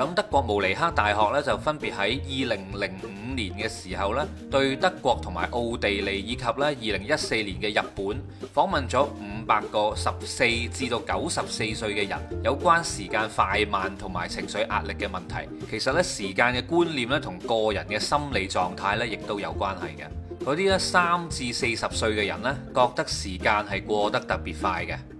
咁德國慕尼克大學咧就分別喺二零零五年嘅時候咧，對德國同埋奧地利以及咧二零一四年嘅日本訪問咗五百個十四至到九十四歲嘅人，有關時間快慢同埋情緒壓力嘅問題。其實咧時間嘅觀念咧同個人嘅心理狀態咧亦都有關係嘅。嗰啲咧三至四十歲嘅人呢，覺得時間係過得特別快嘅。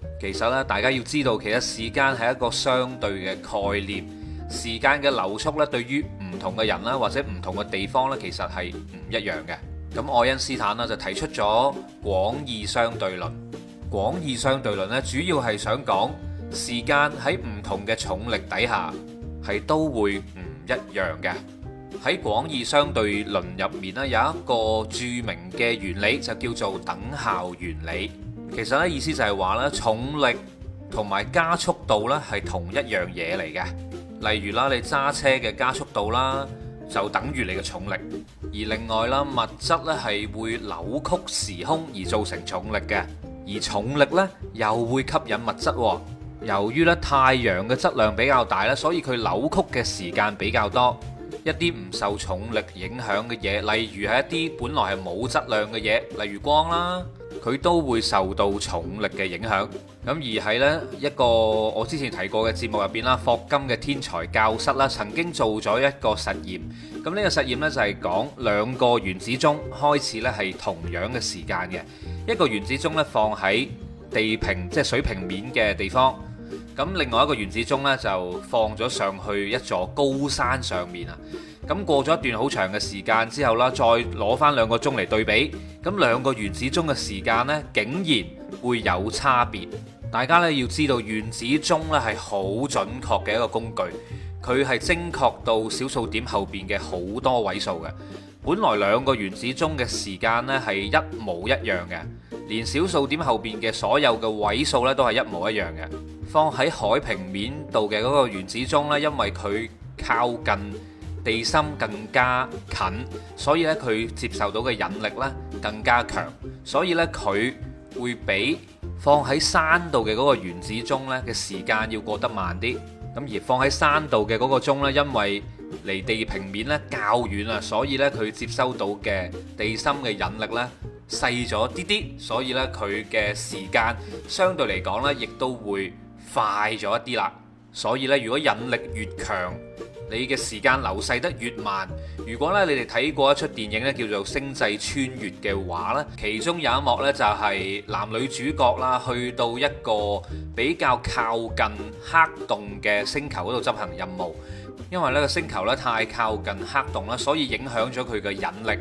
其實咧，大家要知道，其實時間係一個相對嘅概念，時間嘅流速咧，對於唔同嘅人啦，或者唔同嘅地方咧，其實係唔一樣嘅。咁愛因斯坦啦就提出咗廣義相對論，廣義相對論咧主要係想講時間喺唔同嘅重力底下係都會唔一樣嘅。喺廣義相對論入面咧有一個著名嘅原理就叫做等效原理。其實咧，意思就係話咧，重力同埋加速度咧係同一樣嘢嚟嘅。例如啦，你揸車嘅加速度啦，就等於你嘅重力。而另外啦，物質咧係會扭曲時空，而造成重力嘅，而重力咧又會吸引物質。由於咧，太陽嘅質量比較大咧，所以佢扭曲嘅時間比較多。一啲唔受重力影響嘅嘢，例如係一啲本來係冇質量嘅嘢，例如光啦。佢都會受到重力嘅影響，咁而喺呢一個我之前提過嘅節目入邊啦，霍金嘅天才教室啦，曾經做咗一個實驗，咁、這、呢個實驗呢，就係講兩個原子鐘開始呢係同樣嘅時間嘅，一個原子鐘呢放喺地平即係、就是、水平面嘅地方，咁另外一個原子鐘呢，就放咗上去一座高山上面啊。咁過咗一段好長嘅時間之後啦，再攞翻兩個鐘嚟對比，咁兩個原子鐘嘅時間呢，竟然會有差別。大家呢要知道原子鐘呢係好準確嘅一個工具，佢係精確到小數點後邊嘅好多位數嘅。本來兩個原子鐘嘅時間呢係一模一樣嘅，連小數點後邊嘅所有嘅位數呢都係一模一樣嘅。放喺海平面度嘅嗰個原子鐘呢，因為佢靠近地心更加近，所以咧佢接受到嘅引力咧更加強，所以咧佢會比放喺山度嘅嗰個原子鐘咧嘅時間要過得慢啲。咁而放喺山度嘅嗰個鐘咧，因為離地平面咧較遠啊，所以咧佢接收到嘅地心嘅引力咧細咗啲啲，所以咧佢嘅時間相對嚟講咧亦都會快咗一啲啦。所以咧，如果引力越強，你嘅時間流逝得越慢。如果咧你哋睇過一出電影咧，叫做《星際穿越》嘅話呢，其中有一幕呢，就係男女主角啦，去到一個比較靠近黑洞嘅星球嗰度執行任務。因為呢個星球呢太靠近黑洞啦，所以影響咗佢嘅引力。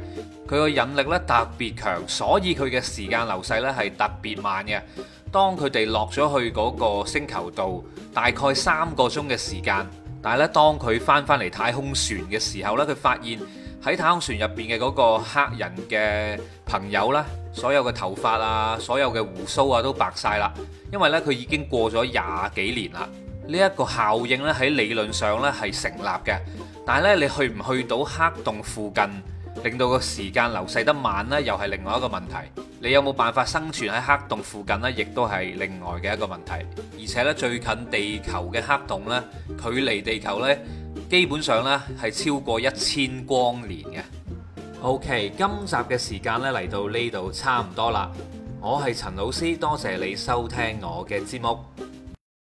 佢個引力呢特別強，所以佢嘅時間流逝呢係特別慢嘅。當佢哋落咗去嗰個星球度，大概三個鐘嘅時間。但係咧，當佢翻返嚟太空船嘅時候呢，佢發現喺太空船入邊嘅嗰個黑人嘅朋友呢，所有嘅頭髮啊，所有嘅鬍鬚啊都白晒啦，因為呢，佢已經過咗廿幾年啦。呢一個效應呢，喺理論上呢係成立嘅，但係呢，你去唔去到黑洞附近？令到個時間流逝得慢呢，又係另外一個問題。你有冇辦法生存喺黑洞附近呢，亦都係另外嘅一個問題。而且呢，最近地球嘅黑洞呢，距離地球呢，基本上呢係超過一千光年嘅。OK，今集嘅時間呢嚟到呢度差唔多啦。我係陳老師，多謝你收聽我嘅節目。